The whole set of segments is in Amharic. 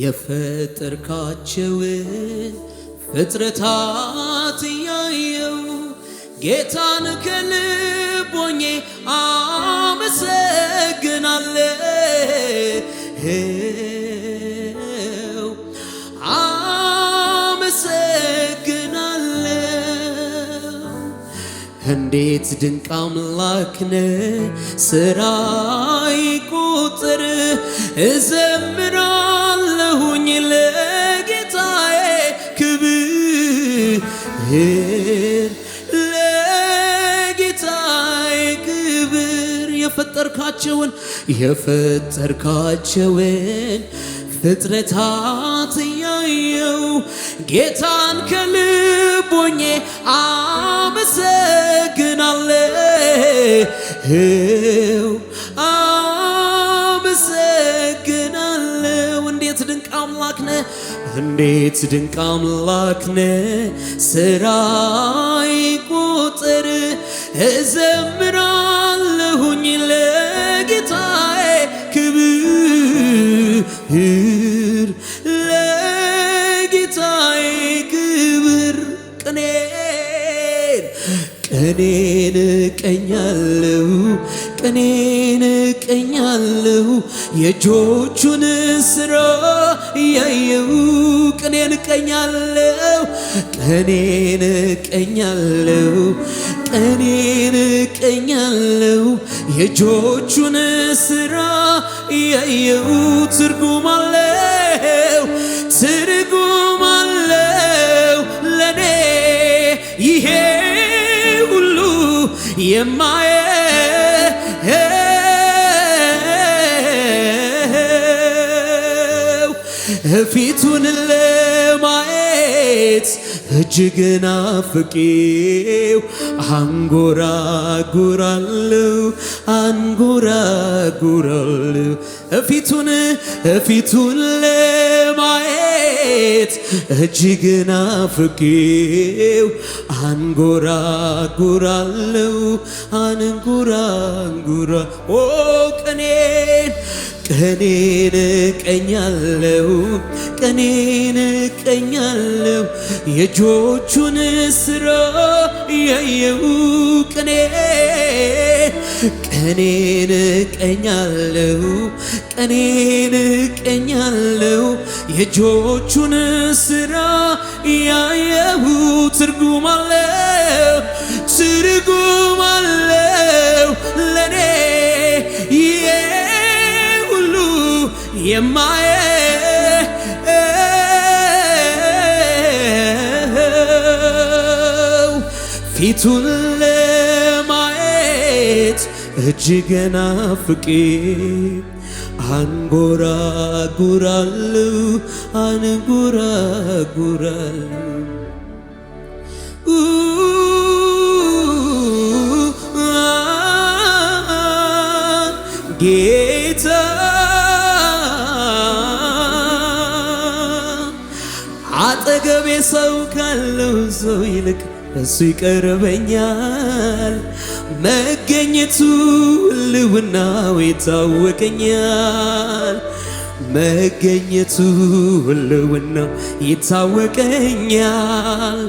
የፈጠርካቸውን ፍጥረታት እያየው ጌታን ከልቦኜ አመሰግናለሁ አመሰግናለሁ። እንዴት ድንቅ አምላክነ ስራ ይቁጥር እዘምራ ለጌታዬ ክብር ለጌታዬ ክብር የፈጠርካቸውን የፈጠርካቸውን ፍጥረታት እያየው ጌታን ከልቦኜ አመሰግናለሁ እንዴት ድንቅ አምላክ ነ ስራይ ቁጥር እዘምራለሁኝ ለጌታዬ ክብር ለጌታዬ ክብር ቅኔን ቅኔን ቀኛለሁ ቅኔን ቀኛለሁ የእጆቹን ስሮ እያየው ቀኔን እቀኛለሁ ቀኔን እቀኛለሁ ቀኔን እቀኛለሁ የእጆቹን ስራ እያየው ትርጉም አለው ትርጉም አለው ለኔ ይሄ ሁሉ የማየ ፊቱን ለማየት እጅግ ናፍቄው አንጎራጉራለው አንጎራጉራለው ፊቱን ፊቱን ለማየት እጅግ ናፍቄው አንጎራጉራለው አንጎራጉራ ኦ ቅኔን ቀኔን እቀኛለሁ ቀኔን እቀኛለሁ የእጆቹን ስራ ያየው ቀኔ ቀኔን እቀኛለሁ ቀኔን እቀኛለሁ የእጆቹን ስራ ያየው ትርጉም አለው ትርጉም አለው ለኔ የማየው ፊቱን ለማየት እጅግ ናፍቄ አንጎራጉራለሁ አንጎራጉራለሁ ጌታ አጠገቤ ሰው ካለው ሰው ይልቅ እሱ ይቀርበኛል። መገኘቱ ሕልውናው ይታወቀኛል። መገኘቱ ሕልውናው ይታወቀኛል።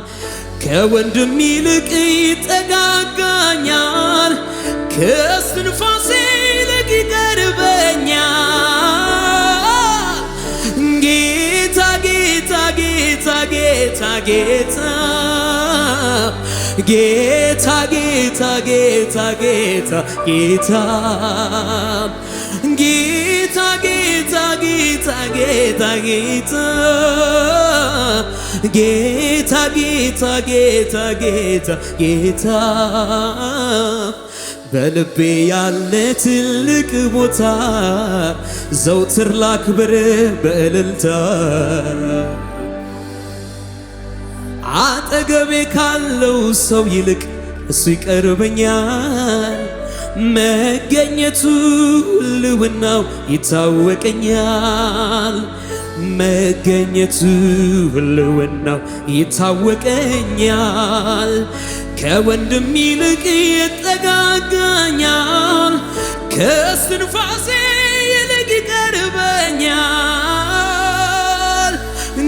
ከወንድም ይልቅ ይጠጋጋኛል። ከእስትንፋሴ ይልቅ ይቀርበኛል። ጌታ ጌታ ጌታ ጌታ ጌታ ጌታ ጌታ ጌታ ጌታ ጌታ ጌታ ጌታ ጌታ ጌታ ጌታ ጌታ ጌታ በልቤ ያለ ትልቅ ቦታ ዘውትር ላክብር በእልልታ አጠገቤ ካለው ሰው ይልቅ እሱ ይቀርበኛል። መገኘቱ ልውናው ይታወቀኛል። መገኘቱ ልውናው ይታወቀኛል። ከወንድም ይልቅ ይጠጋጋኛል። ከእስትንፋሴ ይልቅ ይቀርበኛል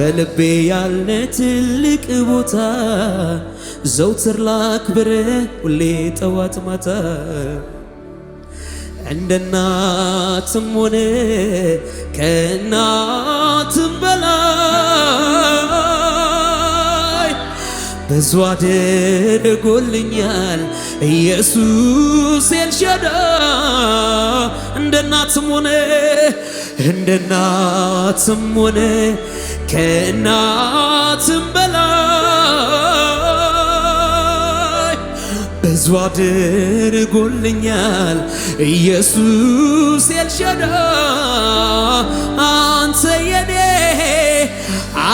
በልቤ ያለ ትልቅ ቦታ ዘውትር ላክብረ ሁሌ ጠዋት ማታ እንደ ሆነ ከናትም በላይ ብዙ አድርጎልኛል ኢየሱስ ኤልሻዳይ እንደ ሆነ እንደ ሆነ ከእናትም በላይ ብዙ አድርጎልኛል ኢየሱስ ኤልሻዳ አንተ የኔ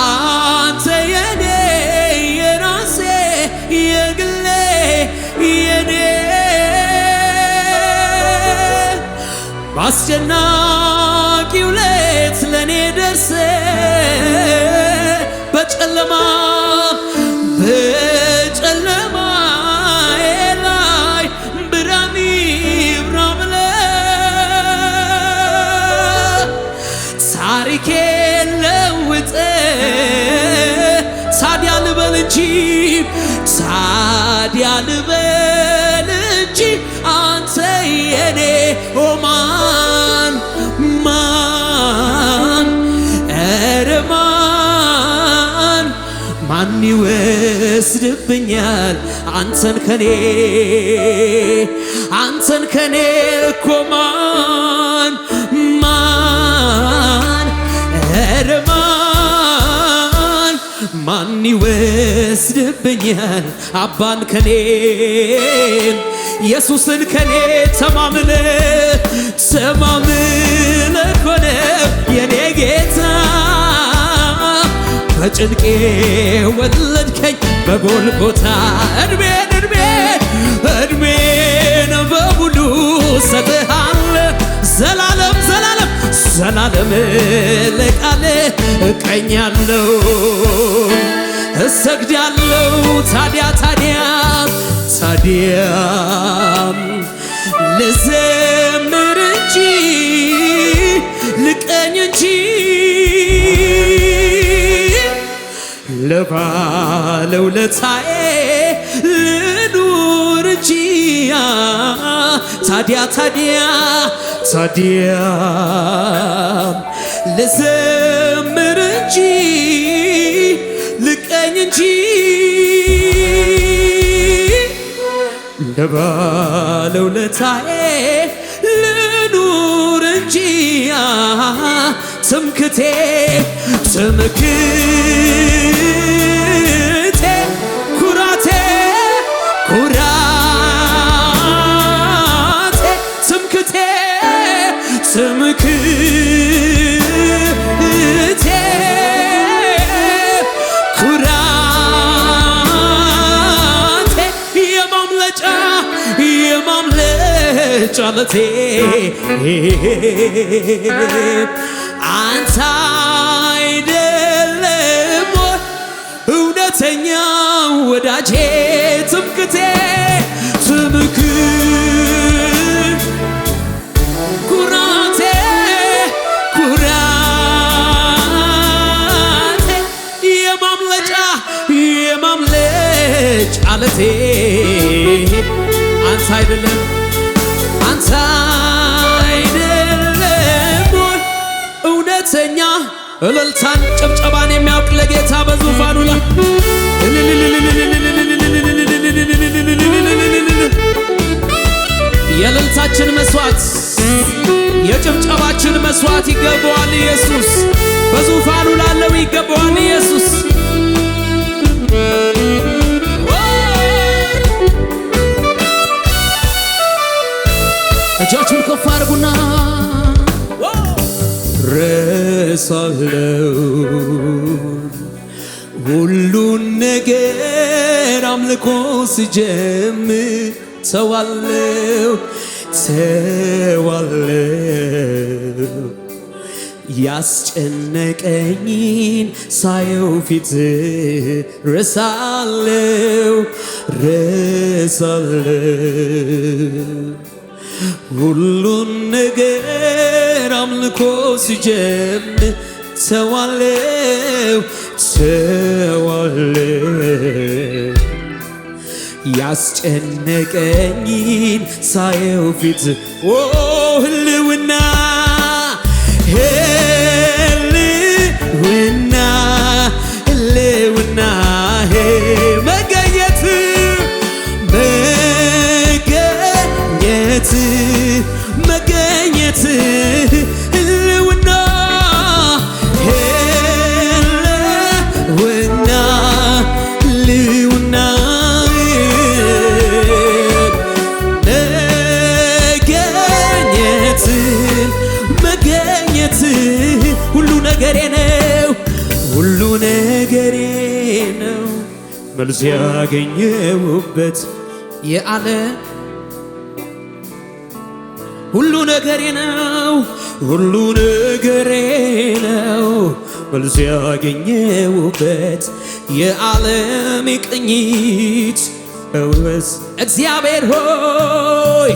አንተ የኔ የራሴ የግሌ የኔ በአስጨናቂው ሌት ለእኔ ደርሰ मा ይወስድብኛል አንተን ከኔ አንተን ከኔ እኮ ማን ማን ኧረ ማን ማን ይወስድብኛል አባን ከኔ ኢየሱስን ከኔ ተማምነ ተማምነ ኮነ የኔ ጌታ በጭንቄ ወለድከኝ በጎልጎታ እድሜን እድሜን እድሜን በሙሉ ሰጥሃለ ዘላለም ዘላለም ዘላለም ለቃል እቀኛለው እሰግዳለው ታዲያ ታዲያ ታዲያ ልዘ ልለፋ ለውለታዬ ልኑር ጂያ ታዲያ ታዲያ ታዲያ ልዘምር እንጂ ልቀኝ እንጂ ለባለውለታዬ ልኑር እንጂ te tmkte tmkte kurate kurate tmkte tmkte kurate yamamlaca yamamlaca te መስዋዕት የጭብጨባችን መስዋዕት ይገባዋል ኢየሱስ። በዙፋኑ ላለው ይገባዋል ኢየሱስ። እጃችሁን ከፍ አድርጉና ረሳለው ሁሉን ነገር አምልኮ ስጀምር ሰዋለው ትዋለው ያስጨነቀኝን ሳየው ፊት ረሳለው ረሳለው ሁሉን ነገር አምልኮ ሲጀምር ተዋለው ተዋለው ያስጨነቀኝን ሳየው ፊት ህልውና መልስ ያገኘውበት የአለ ሁሉ ነገሬ ነው ሁሉ ነገሬ ነው መልስ ያገኘውበት የዓለም ቅኝት እውስ እግዚአብሔር ሆይ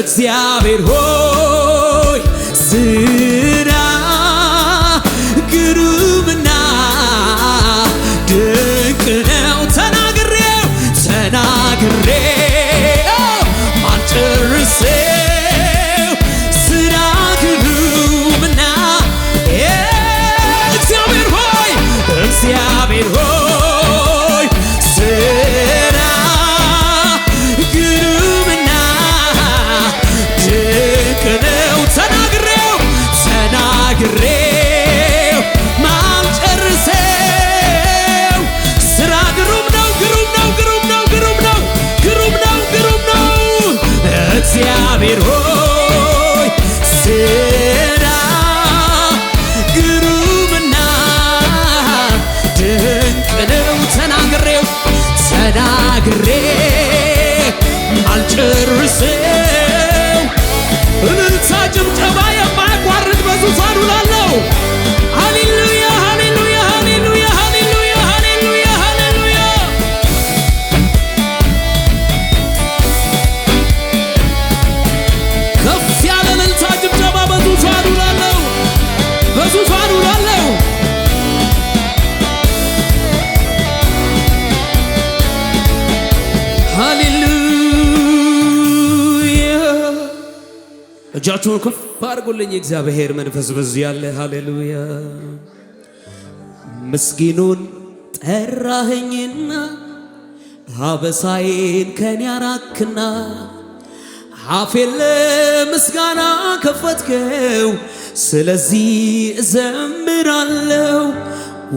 እግዚአብሔር ሆይ አድርጉልኝ። እግዚአብሔር መንፈስ በዚህ ያለ ሃሌሉያ። ምስኪኑን ጠራኸኝና ሀበሳዬን ከኔ አራክና አፌን ምስጋና ከፈትከው፣ ስለዚህ እዘምራለሁ።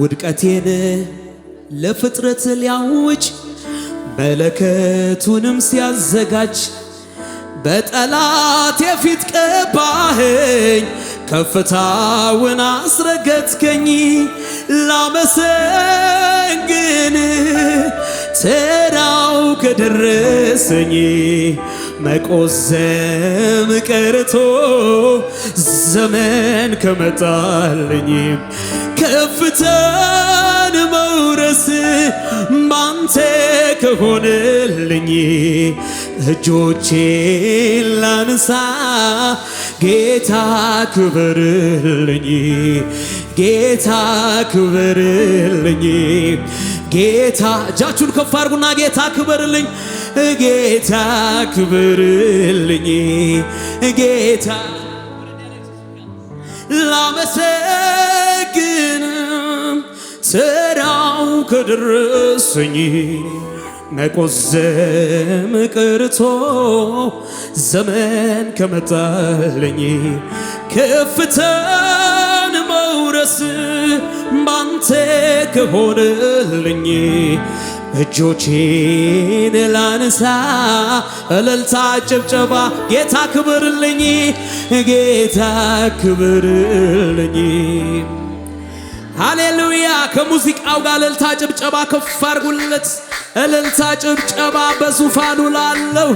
ውድቀቴን ለፍጥረት ሊያውጭ መለከቱንም ሲያዘጋጅ በጠላት የፊት ቀባኸኝ ከፍታውን አስረገጥከኝ ላመሰግን ተራው ከደረሰኝ መቆዘም ቀርቶ ዘመን ከመጣልኝ ከፍተን መውረስ ማንተ ከሆነልኝ እጆቼን ላንሳ ጌታ ክበርልኝ ጌታ ክበርልኝ ጌታ እጃችሁን ከፍ አድርጉና ጌታ ክበርልኝ ጌታ ክበርልኝ ጌታ ላመሰግን ስራው ከደረሰኝ መቆዘም ቀርቶ ዘመን ከመጣልኝ ከፍታን መውረስ ባንተ ከሆነልኝ እጆቼን ላንሳ እልልታ ጭብጨባ ጌታ ክብርልኝ ጌታ ክብርልኝ ሃሌሉያ! ከሙዚቃው ጋር እልልታ ጭብጨባ ከፍ አድርጉለት። እልልታ ጭብጨባ በዙፋኑ ላለው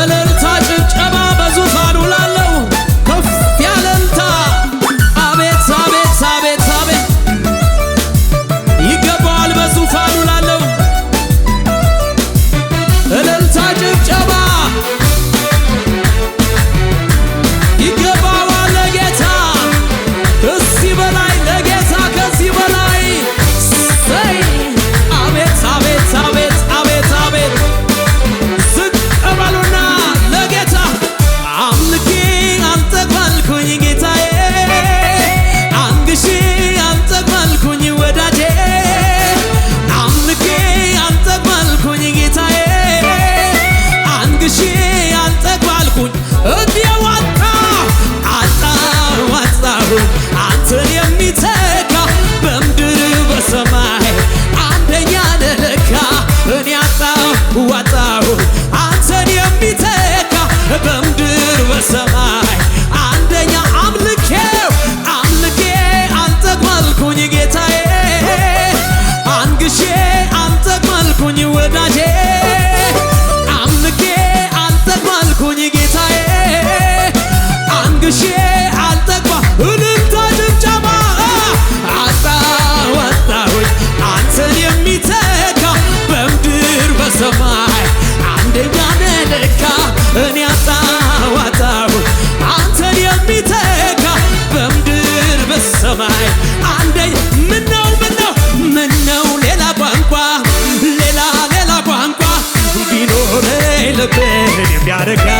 እልል ታግሼ አልጠቅማልኩኝ ወዳጅ ያረጋ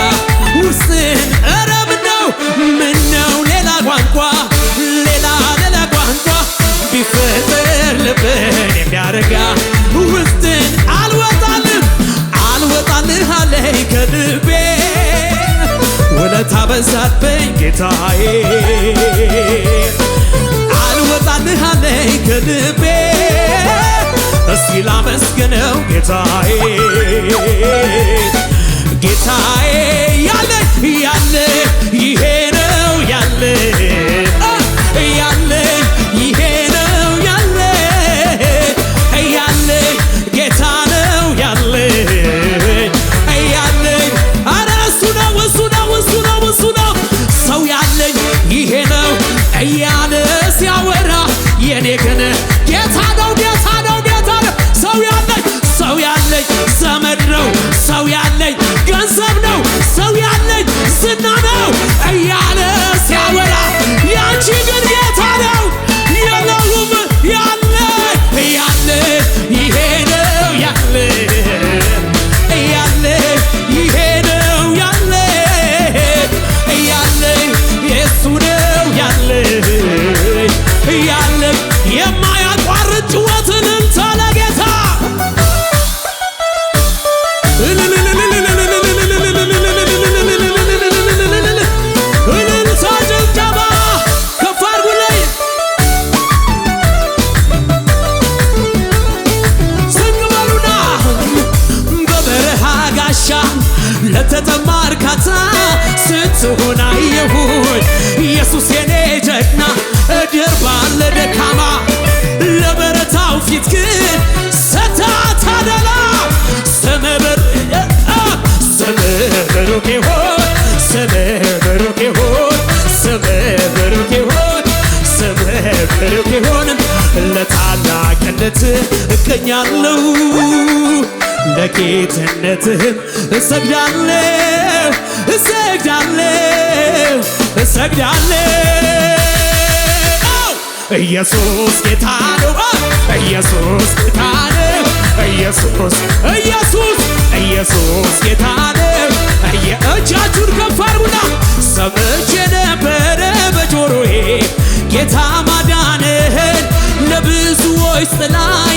ውስን ኧረ ምነው ምነው ሌላ ቋንቋ ሌላ ሌላ ቋንቋ ቢፈጠር ልብን የሚያረጋ ውስጥን አልወጣልህ አልወጣልህ አለኝ ከልቤ ውለታ በዛብኝ ጌታዬ አልወጣልህ አለኝ ከልቤ እስኪ ላመስግነው ጌታዬ ጌታዬ ያለ ያለ ይሄ ነው ያለ ያለ ይሄ ነው ያለ ያለ ጌታ ነው ያለ ያለ አረ እሱ ነው እሱ ነው እሱ ነው እሱ ነው ሰው ያለኝ ይሄ ነው እያለ ሲያወራ የኔ ግን ጌታ ነው ጌታ ነው ጌታ ነው ሰው ያለኝ ሰው ያለኝ ዘመ ቢሆንም ለታላቅነትህ እገኛለሁ ለጌትነትህም እሰግዳለሁ እሰግዳለሁ እሰግዳለሁ ኢየሱስ ጌታ ነው ኢየሱስ ጌታ ነው ኢየሱስ ኢየሱስ ኢየሱስ ጌታ ነው ከፍ አድርጉና ሰምቼ ነበረ በጆሮዬ ጌታ መሆንህን ለብዙዎች ጥላ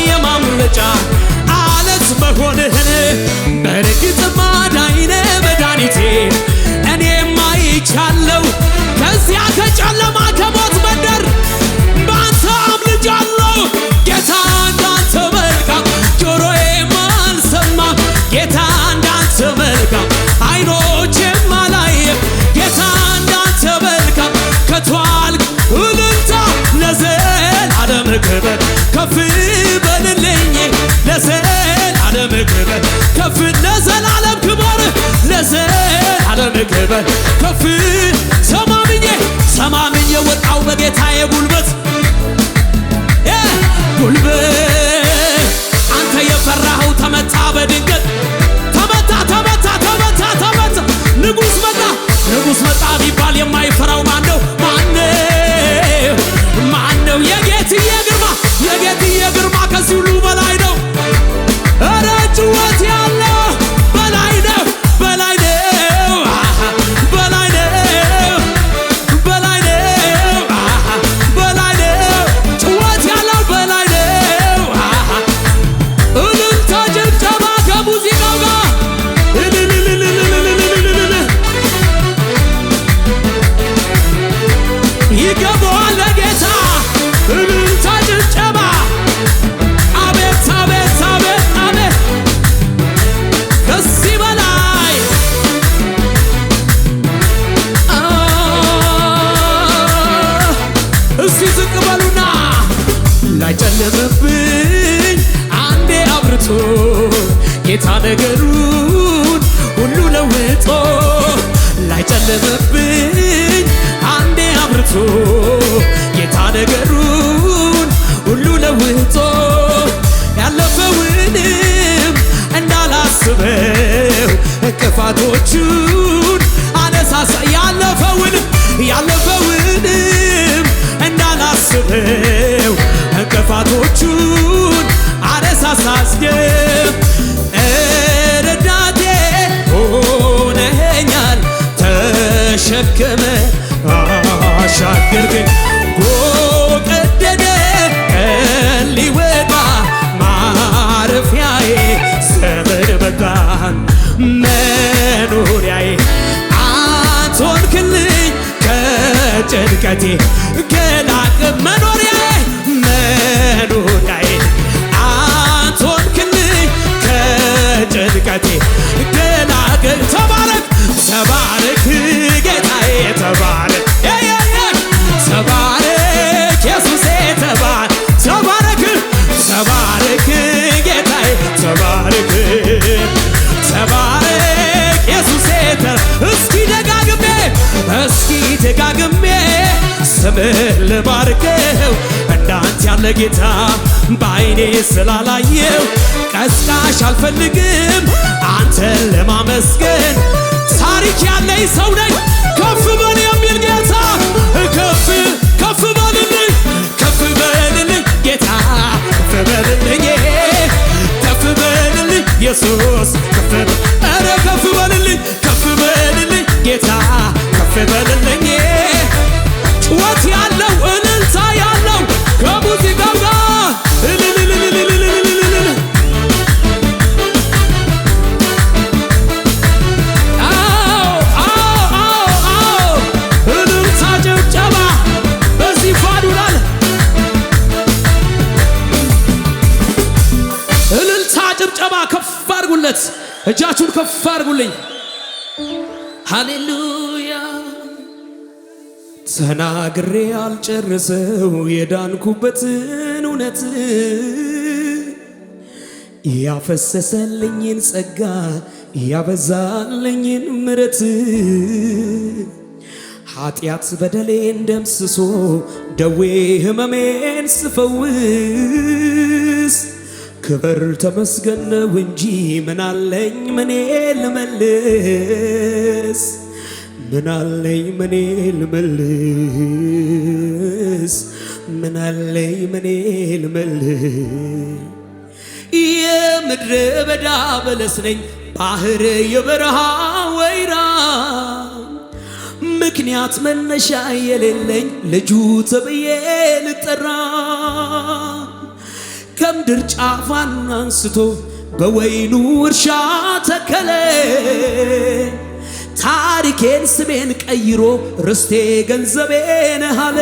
የማምለጫ አለት መሆንህን በርግጥ ማዳይነ መድኃኒቴ እኔ አይቻለው ከዚያ ከጨለማ ከሞት መንደር በአንተ አምልጃለሁ ጌታ እንዳንተ መልካም ጆሮዬ ማልሰማ ጌታ እንዳንተ መልካም አይኖች ክብር ከፍ በልልኝ ለዘላለም ክብር ከፍ ለዘላለም ክብር ለዘላለም ክብር ከፍ ሰማምኜ ሰማምኜ ወጣው በጌታዬ ጉልበት ጉልበት አንተ የፈራኸው ተመታ በድንገት ተመታ ተመታ ተመታ ተመታ ንጉሥ መጣ ንጉሥ መጣ ቢባል የማይፈራው ማን ነው? ተሸከመ አሻገርክ ጎቀደደ ሊወጣ ማረፊያዬ ዘመን በቃን መኖሪያዬ አንተ ሆንክልኝ ከጭንቀቴ ደጋግሜ ስምህን ልባርከው እንዳንተ ያለ ጌታ በዓይኔ ስላላየው ቀስቃሽ አልፈልግም አንተን ለማመስገን ታሪክ ያለኝ ሰው ነኝ ከፍ በል የሚል ጌታ ከፍ ከፍ በልልኝ ከፍ በልልኝ ጌታ ከፍ በልልኝ ከፍ በልልኝ ኢየሱስ ከፍ በልልኝ ከፍ በልልኝ ጌታ ከፍ በልልኝ እውቀት ያለው እንልታ ያለው ከሙዚቃው ጋር እንልታ ጭብጨባ በዚህ ፋዱላል ጭብጨባ ከፍ አድርጉለት፣ እጃችሁን ከፍ አድርጉልኝ። ሃሌሉያ ተናግሬ አልጨርሰው የዳንኩበትን እውነት ያፈሰሰልኝን ጸጋ ያበዛልኝን ምረት ኃጢአት በደሌን ደምስሶ ደዌ ህመሜን ስፈውስ ክብር ተመስገን ነው እንጂ ምናለኝ ምኔ ልመልስ ምናለኝ ምኔ ልመልስ ምናለኝ ምኔ ልመልስ የምድረ በዳ በለስ ነኝ ባህር የበረሃ ወይራ ምክንያት መነሻ የሌለኝ ልጁ ተብዬ ልጠራ ከምድር ጫፏን አንስቶ በወይኑ እርሻ ተከለ ታሪኬን ስሜን ቀይሮ ርስቴ ገንዘቤን አለ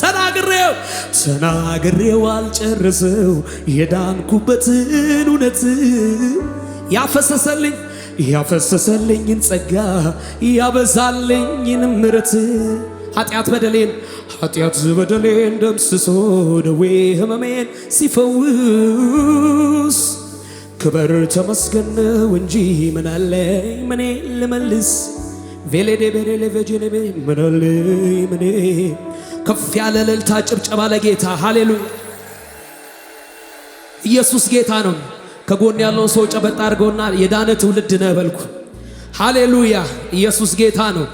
ተናግሬው ተናግሬው አልጨርሰው የዳንኩበትን እውነት ያፈሰሰልኝ ያፈሰሰልኝን ጸጋ ያበዛልኝን ምረት ኃጢአት በደሌን ኃጢአት በደሌን ደምስሶ ደዌ ህመሜን ሲፈውስ ክበር ተመስገን ነው እንጂ ምናለኝ ምኔ ልመልስ ቬሌዴ ቤሬሌ ቬጅኔቤ ምናለኝ ምኔ ከፍ ያለ ልልታ ጭብጨባ ለጌታ ሃሌሉያ። ኢየሱስ ጌታ ነው። ከጎን ያለውን ሰው ጨበጣ አድርገውና የዳነ ትውልድ ነህ በልኩ። ሃሌሉያ ኢየሱስ ጌታ ነው።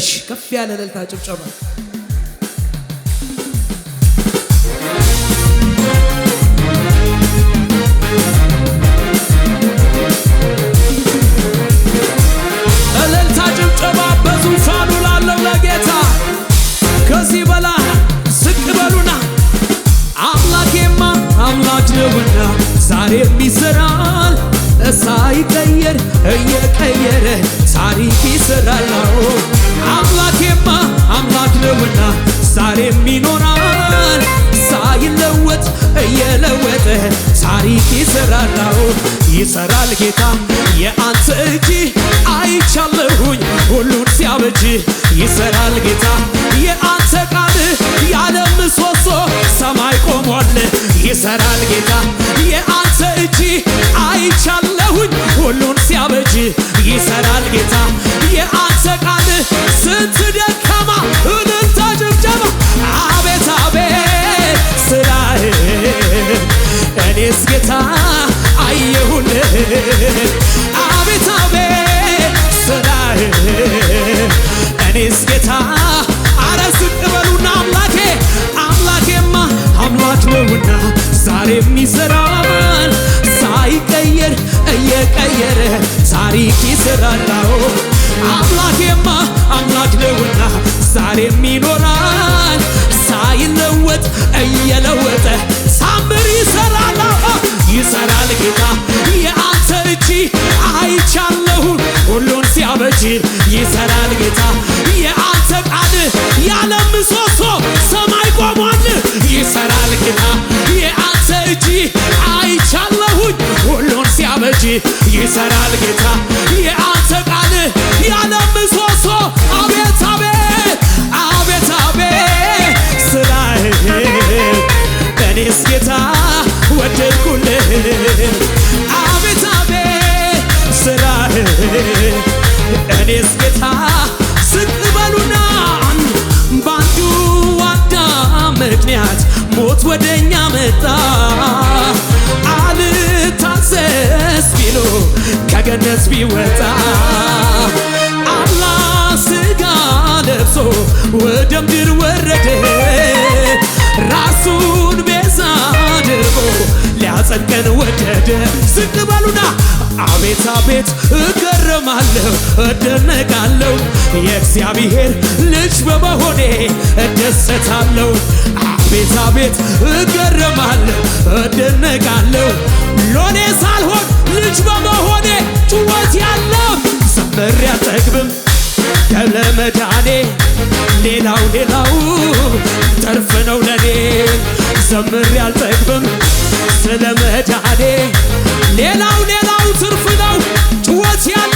እሺ ከፍ ያለ እልልታ ጭብጨባ ጥበብ በዙፋኑ ላለው ለጌታ ከዚህ በላይ ዝቅ በሉና አምላኬማ አምላክ ነውና ዛሬም ይሠራል ሳይቀየር እየቀየረ ታሪክ ይሠራል አምላኬማ አምላክ ነውና ዛሬም ይኖራል ሳይለወጥ እየለወጠ ታሪክ ይሰራላው ይሰራል ጌታ የአንተ እጅ አይቻለሁኝ ሁሉን ሲያበጅ ይሰራል ጌታ የአንተ ቃል ያለም ምሰሶ ሰማይ ቆሟል ይሰራል ጌታ የአንተ እጅ አይቻለሁኝ ሁሉን ሲያበጅ ይሰራል ጌታ አቤት አቤት ስራህ እኔስ ጌታ አረ ዝቅ በሉና አምላኬ አምላኬማ አምላክ ነውና ዛሬም ይሰራል ሳይቀየር እየቀየረ ታሪክ ይሰራል አምላኬማ አምላክ ነውና ዛሬም ይኖራል ሳይለወጥ እየለወጠ ሳምር ይሰራል ይሰራል ጌታ አይቻለሁ ሁሉን ሲያበጅር ይሰራል ጌታ። የአንተ ቃል ያለ ምሰሶ ሰማይ ቆሟል። ይሰራል ጌታ። የአንተ እጅ አይቻለሁኝ ሁሉን ሲያበጅር ይሰራል ጌታ መጣ አልታዘዝ ቢሉ ከገነት ቢወጣ አላ ስጋ ለብሶ ወደ ምድር ወረደ ራሱን ቤዛ አድርጎ ሊያጸድቀን ወደደ ዝቅ በሉና አቤት አቤት እገረማለሁ እደነቃለሁ የእግዚአብሔር ልጅ በመሆኔ እደሰታለሁ ቤት አቤት እገረማለሁ እደነቃለሁ ሎሌ ሳልሆን ልጅ በመሆኔ ጭወት ያለው ዘምሬ አልጠግብም ገብለ መዳኔ ሌላው ሌላው ተርፍ ነው ለኔ ዘምር ያልጠግብም ስለ መዳኔ ሌላው ሌላው ትርፍ ነው ጭወት ያለው